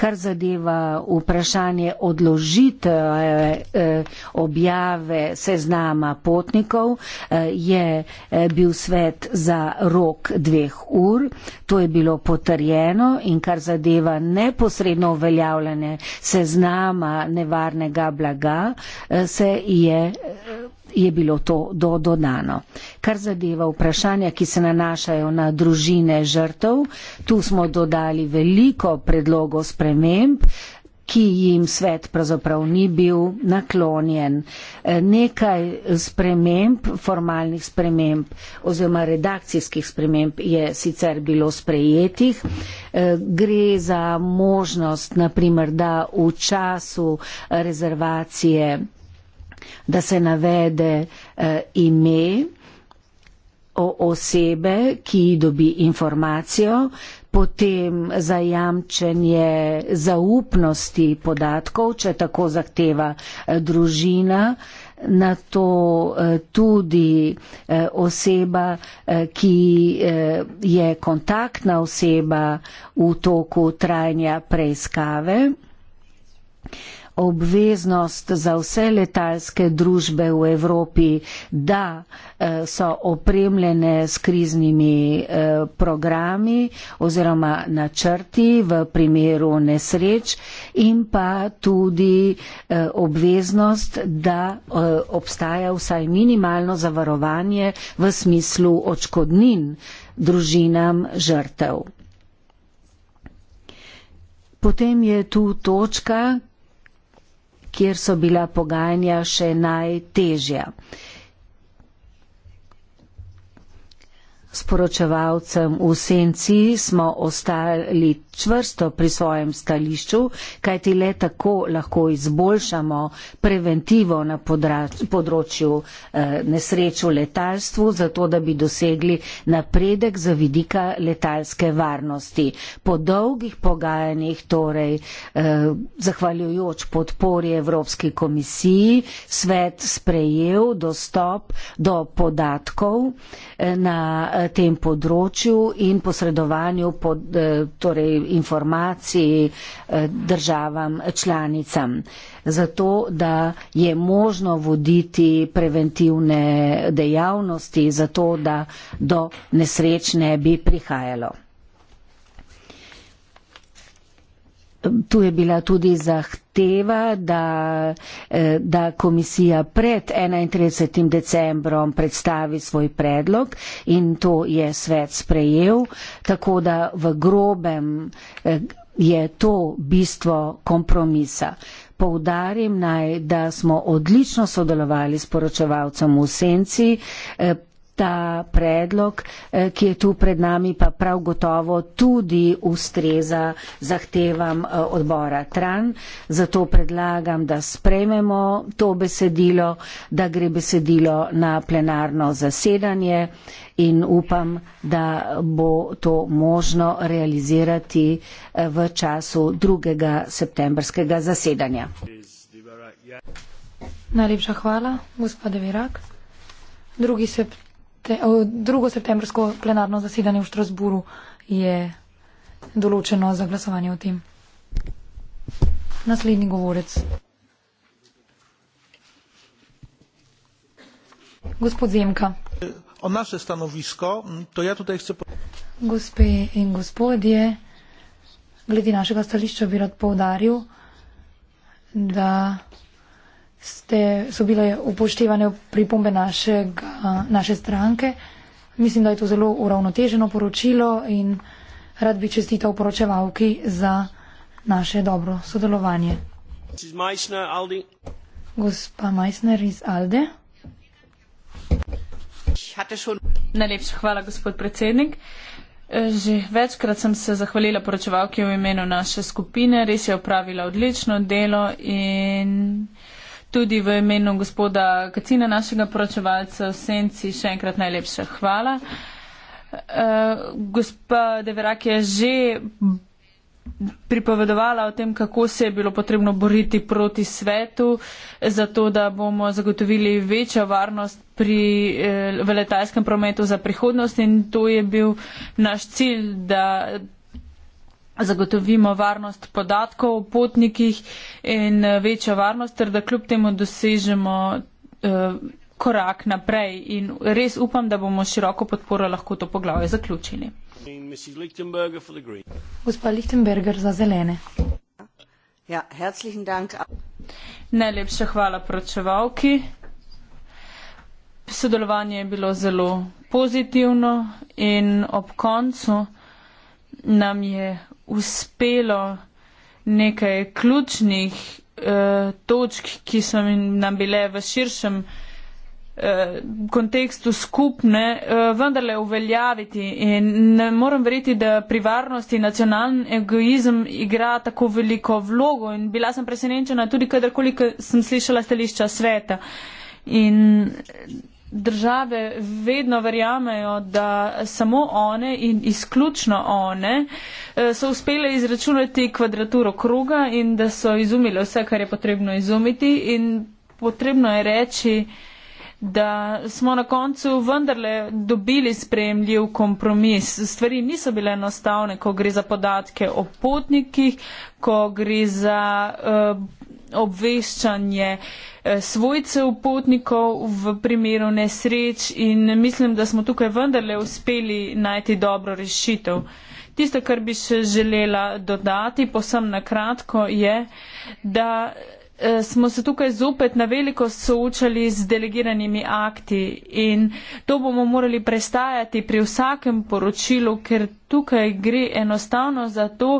kar zadeva vprašanje odložitev eh, eh, objave seznama potnikov, eh, je bil svet za rok dveh ur. To je bilo potrjeno in kar zadeva neposredno uveljavljanje seznama nevarnega blaga, se je je bilo to do dodano. Kar zadeva vprašanja, ki se nanašajo na družine žrtev, tu smo dodali veliko predlogov sprememb ki jim svet pravzaprav ni bil naklonjen. E, nekaj sprememb, formalnih sprememb oziroma redakcijskih sprememb je sicer bilo sprejetih. E, gre za možnost, naprimer, da v času rezervacije da se navede uh, ime o osebe, ki dobi informacijo, potem zajamčenje zaupnosti podatkov, če tako zahteva eh, družina, na to eh, tudi oseba, ki je kontaktna oseba v toku trajanja preiskave obveznost za vse letalske družbe v Evropi, da eh, so opremljene s kriznimi eh, programi oziroma načrti v primeru nesreč in pa tudi eh, obveznost, da obstaja vsaj minimalno zavarovanje v smislu očkodnin družinam žrtev. Potem je tu točka, kjer so bila pogajanja še najtežja. Sporočevalcem v senci smo ostali čvrsto pri svojem stališču, kajti le tako lahko izboljšamo preventivo na področju eh, nesreč v letalstvu, zato da bi dosegli napredek za vidika letalske varnosti. Po dolgih pogajanjih, torej eh, zahvaljujoč podpori Evropski komisiji, svet sprejel dostop do podatkov eh, na tem področju in posredovanju pod, torej, informacij eh, državam članicam, zato da je možno voditi preventivne dejavnosti, zato da do nesreč ne bi prihajalo. Tu je bila tudi zahteva, da, eh, da komisija pred 31. decembrom predstavi svoj predlog in to je svet sprejel, tako da v grobem eh, je to bistvo kompromisa. Poudarim naj, da smo odlično sodelovali s poročevalcem v Senci, eh, ta predlog, eh, ki je tu pred nami, pa prav gotovo tudi ustreza zahtevam eh, odbora Tran. Zato predlagam, da sprejmemo to besedilo, da gre besedilo na plenarno zasedanje in upam, da bo to možno realizirati eh, v času 2. septembrskega zasedanja. Najlepša hvala, gospod Devirak. 2. septembr te, o, drugo septembrsko plenarno zasedanje v Štrasburu je določeno za glasovanje o tem. Naslednji govorec. Gospod Zemka. O naše stanovisko, to ja tudi chcę... Gospe in gospodje, glede našega stališča bi rad poudaril, da ste, so bile upoštevane pripombe našega, naše stranke. Mislim, da je to zelo uravnoteženo poročilo in rad bi čestital poročevalki za naše dobro sodelovanje. Meissner, Gospa Meissner iz Alde. Najlepša hvala, gospod predsednik. E, že večkrat sem se zahvalila poročevalki v imenu naše skupine. Res je opravila odlično delo in Tudi v imenu gospoda Kacina, našega poročevalca v Senci, še enkrat najlepša hvala. Uh, gospa Deverak je že pripovedovala o tem, kako se je bilo potrebno boriti proti svetu, zato da bomo zagotovili večjo varnost pri eh, veletajskem prometu za prihodnost in to je bil naš cilj, da zagotovimo varnost podatkov o potnikih in eh, večjo varnost, ter da kljub temu dosežemo eh, korak naprej in res upam, da bomo široko podporo lahko to poglavje zaključili. Gospa Lichtenberger za zelene. Ja, herzlichen Dank. Najlepša hvala pročevalki. Sodelovanje je bilo zelo pozitivno in ob koncu nam je uspelo nekaj ključnih eh, točk, ki so nam bile v širšem eh, kontekstu skupne, eh, vendarle uveljaviti. In ne moram veriti, da pri varnosti nacionalni egoizem igra tako veliko vlogo in bila sem presenečena tudi, kadarkoli sem slišala stališča sveta. In države vedno verjamejo, da samo one in izključno one eh, so uspele izračunati kvadraturo kroga in da so izumile vse, kar je potrebno izumiti in potrebno je reči, da smo na koncu vendarle dobili sprejemljiv kompromis. Stvari niso bile enostavne, ko gre za podatke o potnikih, ko gre za uh, obveščanje eh, svojcev potnikov v primeru nesreč in mislim, da smo tukaj vendarle uspeli najti dobro rešitev. Tisto, kar bi še želela dodati, posem na kratko, je, da eh, smo se tukaj zopet na veliko soočali z delegiranimi akti in to bomo morali prestajati pri vsakem poročilu, ker tukaj gre enostavno za to,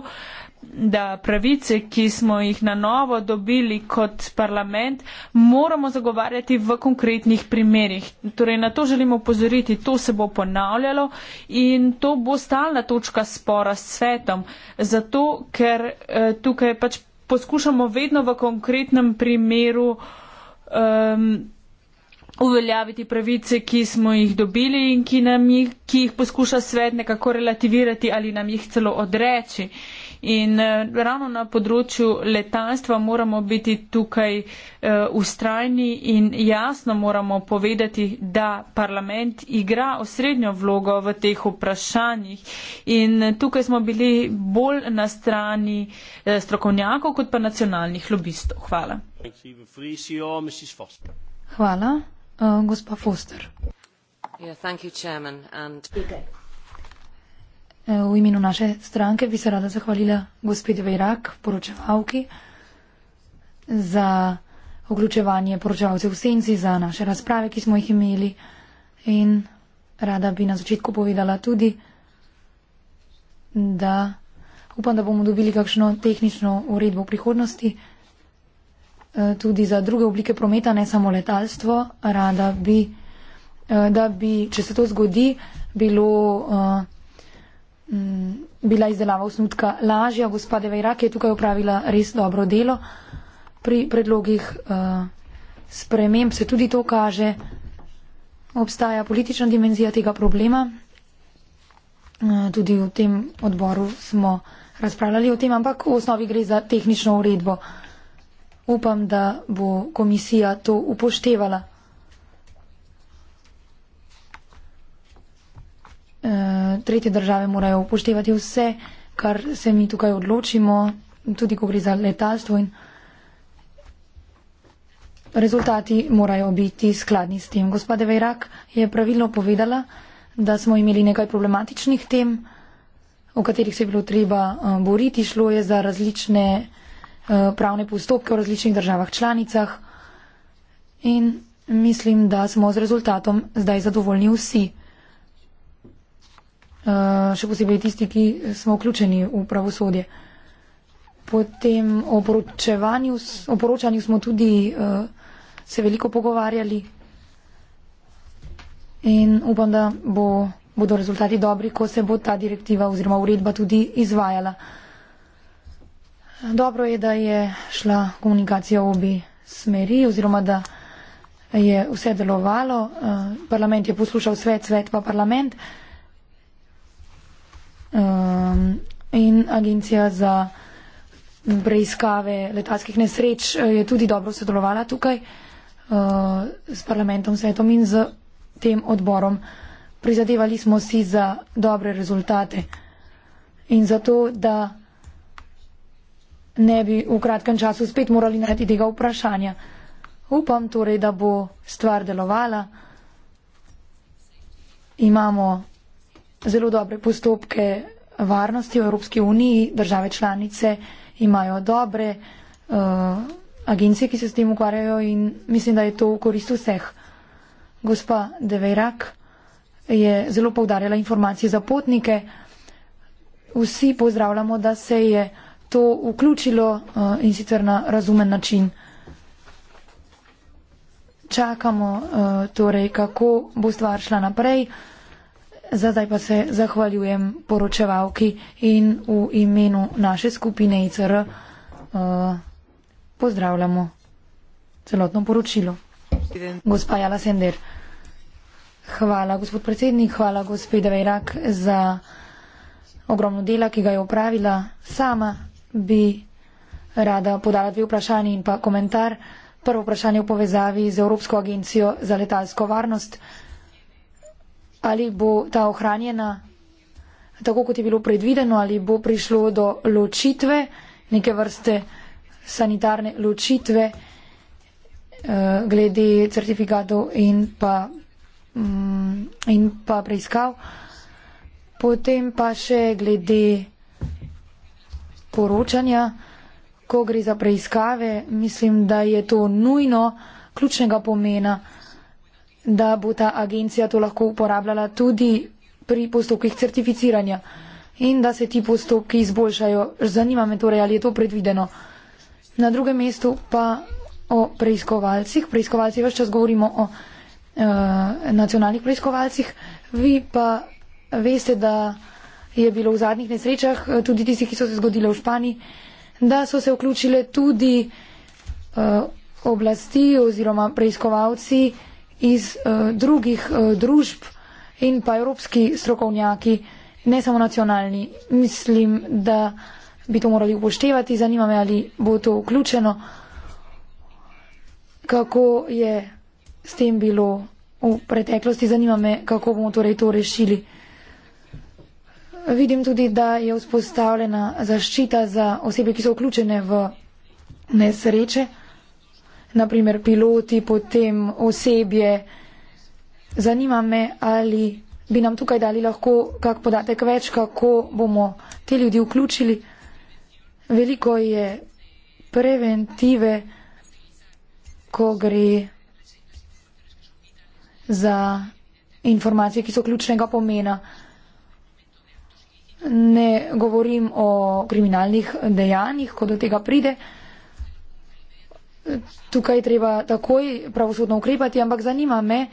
da pravice, ki smo jih na novo dobili kot parlament, moramo zagovarjati v konkretnih primerjih. Torej, na to želimo upozoriti, to se bo ponavljalo in to bo stalna točka spora s svetom, zato ker eh, tukaj pač poskušamo vedno v konkretnem primeru eh, uveljaviti pravice, ki smo jih dobili in ki, jih, ki jih poskuša svet nekako relativirati ali nam jih celo odreči. In eh, ravno na področju letalstva moramo biti tukaj ustrajni eh, in jasno moramo povedati, da parlament igra osrednjo vlogo v teh vprašanjih. In eh, tukaj smo bili bolj na strani strokovnjakov kot pa nacionalnih lobistov. Hvala. Hvala, uh, gospa Foster. Yeah, thank you, chairman, and... okay. E, v imenu naše stranke bi se rada zahvalila gospodu Vejrak, poročevalki, za vključevanje poročevalcev v senci, za naše razprave, ki smo jih imeli. In rada bi na začetku povedala tudi, da upam, da bomo dobili kakšno tehnično uredbo v prihodnosti e, tudi za druge oblike prometa, ne samo letalstvo. Rada bi, e, da bi, če se to zgodi, bilo m, mm, bila izdelava osnutka lažja. Gospa Deva Irak je tukaj upravila res dobro delo. Pri predlogih uh, sprememb se tudi to kaže. Obstaja politična dimenzija tega problema. Uh, tudi v tem odboru smo razpravljali o tem, ampak v osnovi gre za tehnično uredbo. Upam, da bo komisija to upoštevala. Eh, tretje države morajo upoštevati vse, kar se mi tukaj odločimo, tudi ko gre za letalstvo in rezultati morajo biti skladni s tem. Gospoda Vejrak je pravilno povedala, da smo imeli nekaj problematičnih tem, o katerih se je bilo treba eh, boriti. Šlo je za različne eh, pravne postopke v različnih državah članicah in mislim, da smo z rezultatom zdaj zadovoljni vsi. Eh, še posebej tisti, ki smo vključeni v pravosodje. Potem o poročevanju, o poročanju smo tudi uh, se veliko pogovarjali in upam, da bo, bodo rezultati dobri, ko se bo ta direktiva oziroma uredba tudi izvajala. Dobro je, da je šla komunikacija v obi smeri oziroma da je vse delovalo. Uh, parlament je poslušal svet, svet pa parlament. Uh, um, in agencija za preiskave letalskih nesreč eh, je tudi dobro sodelovala tukaj uh, s parlamentom, svetom in z tem odborom. Prizadevali smo si za dobre rezultate in zato, da ne bi v kratkem času spet morali najti tega vprašanja. Upam torej, da bo stvar delovala. Imamo zelo dobre postopke varnosti v Evropski uniji, države članice imajo dobre uh, agencije, ki se s tem ukvarjajo in mislim, da je to v korist vseh. Gospa Deverak je zelo povdarjala informacije za potnike. Vsi pozdravljamo, da se je to vključilo uh, in sicer na razumen način. Čakamo uh, torej, kako bo stvar šla naprej. Uh, Zdaj pa se zahvaljujem poročevalki in v imenu naše skupine ICR uh, eh, pozdravljamo celotno poročilo. Gospa Jala Sender, hvala gospod predsednik, hvala gospeda Vejrak za ogromno dela, ki ga je opravila. Sama bi rada podala dve vprašanje in pa komentar. Prvo vprašanje v povezavi z Evropsko agencijo za letalsko varnost. Uh, ali bo ta ohranjena tako, kot je bilo predvideno, ali bo prišlo do ločitve, neke vrste sanitarne ločitve eh, glede certifikatov in pa, mm, in pa preiskav. Potem pa še glede poročanja, ko gre za preiskave, mislim, da je to nujno ključnega pomena da bo ta agencija to lahko uporabljala tudi pri postopkih certificiranja in da se ti postopki izboljšajo. Zanima me torej, ali je to predvideno. Na drugem mestu pa o preiskovalcih. Preiskovalci več čas govorimo o e, nacionalnih preiskovalcih. Vi pa veste, da je bilo v zadnjih nesrečah, eh, tudi tistih, ki so se zgodile v Španiji, da so se vključile tudi e, oblasti oziroma preiskovalci iz uh, drugih uh, družb in pa evropski strokovnjaki, ne samo nacionalni. Mislim, da bi to morali upoštevati. Zanima me, ali bo to vključeno, kako je s tem bilo v preteklosti. Zanima me, kako bomo torej to rešili. Vidim tudi, da je vzpostavljena zaščita za osebe, ki so vključene v nesreče naprimer piloti, potem osebje. Zanima me, ali bi nam tukaj dali lahko kak podatek več, kako bomo te ljudi vključili. Veliko je preventive, ko gre za informacije, ki so ključnega pomena. Ne govorim o kriminalnih dejanjih, ko do tega pride tukaj treba takoj pravosodno ukrepati, ampak zanima me,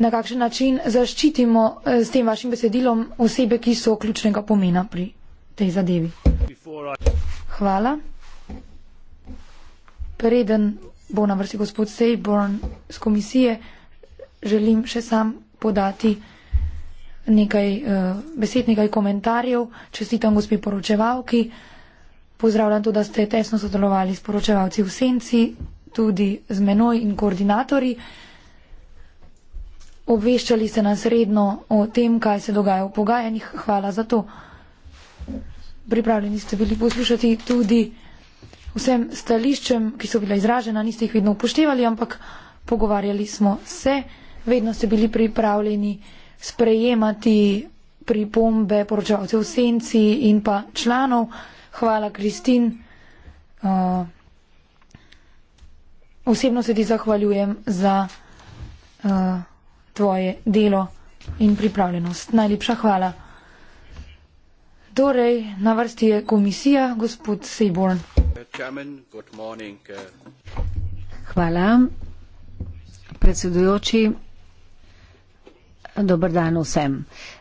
na kakšen način zaščitimo eh, s tem vašim besedilom osebe, ki so ključnega pomena pri tej zadevi. Hvala. Preden bo na vrsti gospod Seyborn z komisije, želim še sam podati nekaj uh, besed, nekaj komentarjev. Čestitam gospi poročevalki. Uh, Pozdravljam to, da ste tesno sodelovali s poročevalci v Senci, tudi z menoj in koordinatorji. Obveščali ste nas redno o tem, kaj se dogaja v pogajanjih. Hvala za to. Pripravljeni ste bili poslušati tudi vsem stališčem, ki so bila izražena, niste jih vedno upoštevali, ampak pogovarjali smo se, vedno ste bili pripravljeni sprejemati pripombe poročevalcev v senci in pa članov. Hvala, Kristin. Uh, osebno se ti zahvaljujem za uh, tvoje delo in pripravljenost. Najlepša hvala. Torej, na vrsti je komisija, gospod Seiborn. Uh, hvala, predsedujoči. Dobar dan vsem. Uh,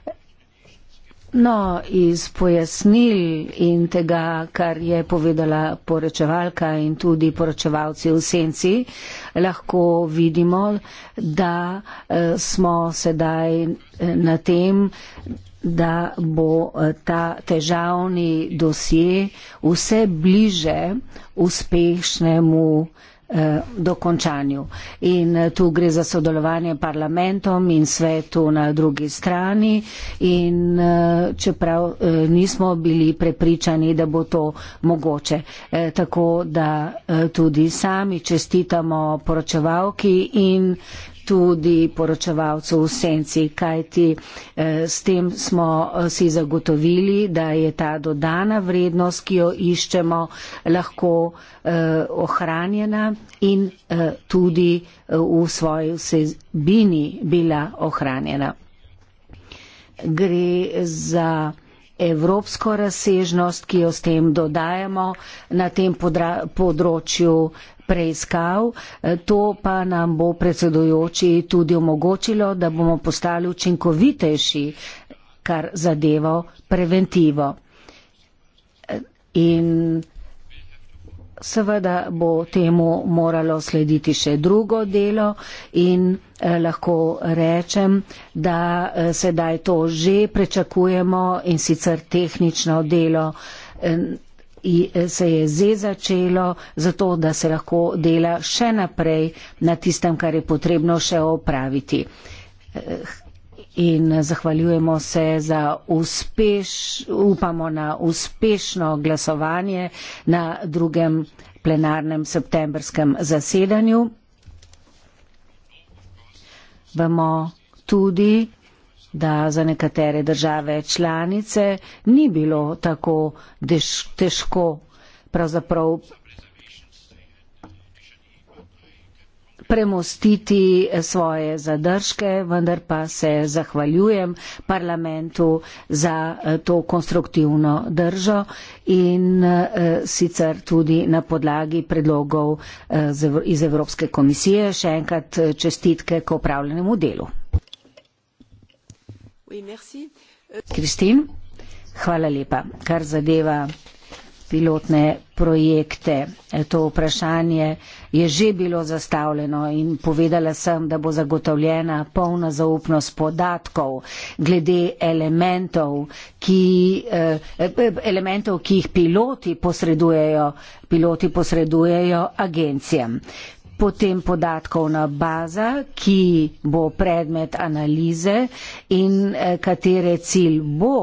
No, iz pojasnil in tega, kar je povedala poročevalka in tudi poročevalci v senci, lahko vidimo, da eh, smo sedaj eh, na tem, da bo eh, ta težavni dosje vse bliže uspešnemu. Eh, dokončanju. In eh, tu gre za sodelovanje parlamentom in svetu na drugi strani in eh, čeprav nismo bili prepričani, da bo to mogoče. Tako da tudi sami čestitamo poročevalki in tudi poročevalcu v senci, kajti eh, s tem smo eh, si zagotovili, da je ta dodana vrednost, ki jo iščemo, lahko eh, ohranjena in eh, tudi eh, v svoji vsebini bila ohranjena. Gre za evropsko razsežnost, ki jo s tem dodajamo na tem področju preiskav. Eh, to pa nam bo predsedujoči tudi omogočilo, da bomo postali učinkovitejši, kar zadeva preventivo. Eh, in seveda bo temu moralo slediti še drugo delo in eh, lahko rečem, da sedaj to že prečakujemo in sicer tehnično delo Eh, se je že začelo, zato da se lahko dela še naprej na tistem, kar je potrebno še opraviti. Eh, in zahvaljujemo se za uspeš, upamo na uspešno glasovanje na drugem plenarnem septembrskem zasedanju. Vemo tudi, da za nekatere države članice ni bilo tako deš, težko pravzaprav premostiti svoje zadržke, vendar pa se zahvaljujem parlamentu za eh, to konstruktivno držo in eh, sicer tudi na podlagi predlogov eh, iz Evropske komisije. Še enkrat čestitke k opravljenemu delu. Kristin, hvala lepa. Kar zadeva pilotne projekte, to vprašanje je že bilo zastavljeno in povedala sem, da bo zagotovljena polna zaupnost podatkov glede elementov, ki, eh, elementov, ki jih piloti posredujejo, piloti posredujejo agencijam potem podatkovna baza, ki bo predmet analize in eh, katere cilj bo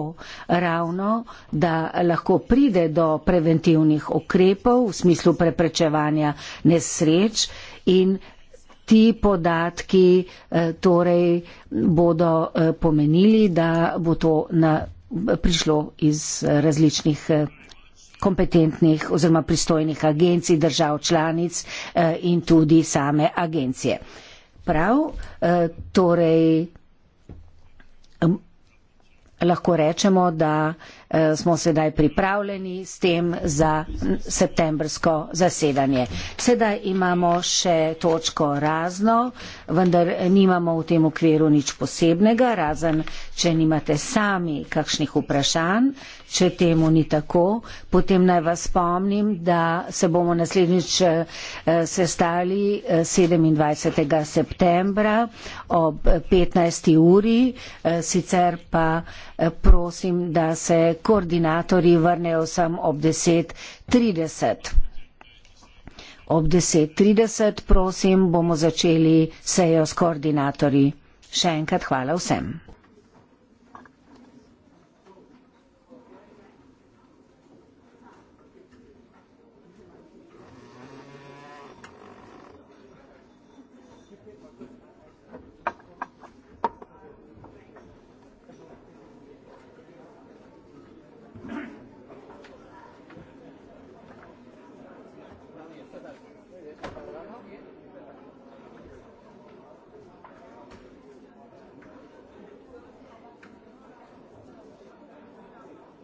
ravno, da lahko pride do preventivnih ukrepov v smislu preprečevanja nesreč in ti podatki eh, torej bodo eh, pomenili, da bo to na prišlo iz različnih kompetentnih oziroma pristojnih agencij držav članic eh, in tudi same agencije. Prav, eh, torej lahko rečemo, da eh, smo sedaj pripravljeni s tem za septembrsko zasedanje. Sedaj imamo še točko razno, vendar nimamo v tem okviru nič posebnega, razen če nimate sami kakšnih vprašanj. Če temu ni tako, potem naj vas spomnim, da se bomo naslednjič eh, sestali 27. Eh, septembra ob 15. Eh, uri, sicer pa prosim, da se koordinatori vrnejo sem ob 10.30. Ob 10.30, prosim, bomo začeli sejo s koordinatorji. Še enkrat hvala vsem.